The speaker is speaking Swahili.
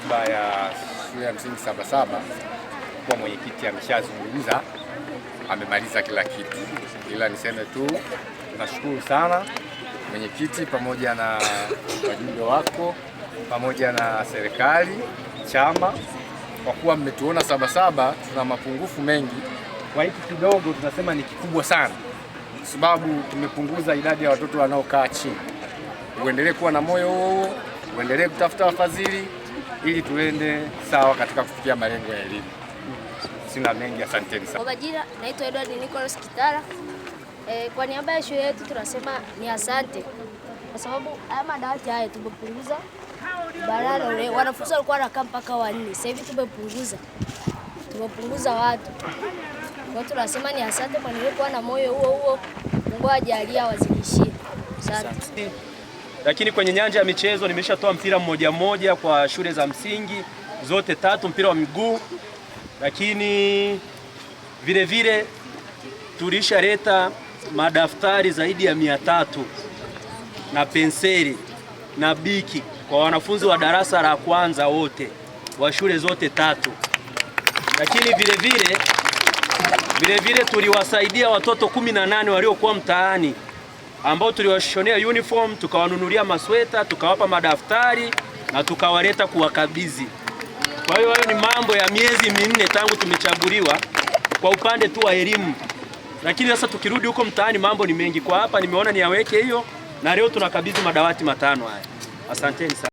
niaba ya shule ya msingi Sabasaba, kwa mwenyekiti ameshazungumza, amemaliza kila kitu, ila niseme tu tunashukuru sana mwenyekiti pamoja na wajumbe wako pamoja na serikali chama, kwa kuwa mmetuona Sabasaba tuna mapungufu mengi, kwa hiki kidogo tunasema ni kikubwa sana, kwa sababu tumepunguza idadi ya watoto wanaokaa chini. Uendelee kuwa na moyo huo, uendelee kutafuta wafadhili ili tuende sawa katika kufikia malengo ya elimu. Sina mengi, asanteni sana. Kwa majina naitwa Edward Nicholas Kitara. E, kwa niaba ya shule yetu tunasema ni asante kwa sababu haya madawati haya tumepunguza. Barara wanafunzi walikuwa wanakaa mpaka wanne, sasa hivi tumepunguza, tumepunguza watu. Kwa hiyo tunasema ni asante kwa nilikuwa na moyo huo huo, Mungu ajalie awazidishie. Asante. Lakini kwenye nyanja ya michezo nimeshatoa mpira mmoja mmoja kwa shule za msingi zote tatu, mpira wa miguu. Lakini vile vile tulishaleta madaftari zaidi ya mia tatu na penseli na biki kwa wanafunzi wa darasa la kwanza wote wa shule zote tatu. Lakini vile vile vile vile tuliwasaidia watoto kumi na nane waliokuwa mtaani ambao tuliwashonea uniform, tukawanunulia masweta, tukawapa madaftari na tukawaleta kuwakabidhi. Kwa hiyo hayo ni mambo ya miezi minne tangu tumechaguliwa kwa upande tu wa elimu, lakini sasa tukirudi huko mtaani mambo ni mengi. Kwa hapa nimeona niyaweke hiyo, na leo tunakabidhi madawati matano haya. Asanteni sana.